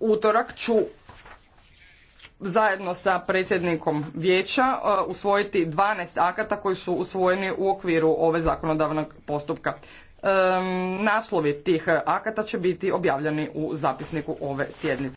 utorak ću zajedno sa predsjednikom vijeća e, usvojiti 12 akata koji su usvojeni u okviru ove zakonodavnog postupka. Naslovi tih akata će biti objavljeni u zapisniku ove sjednice.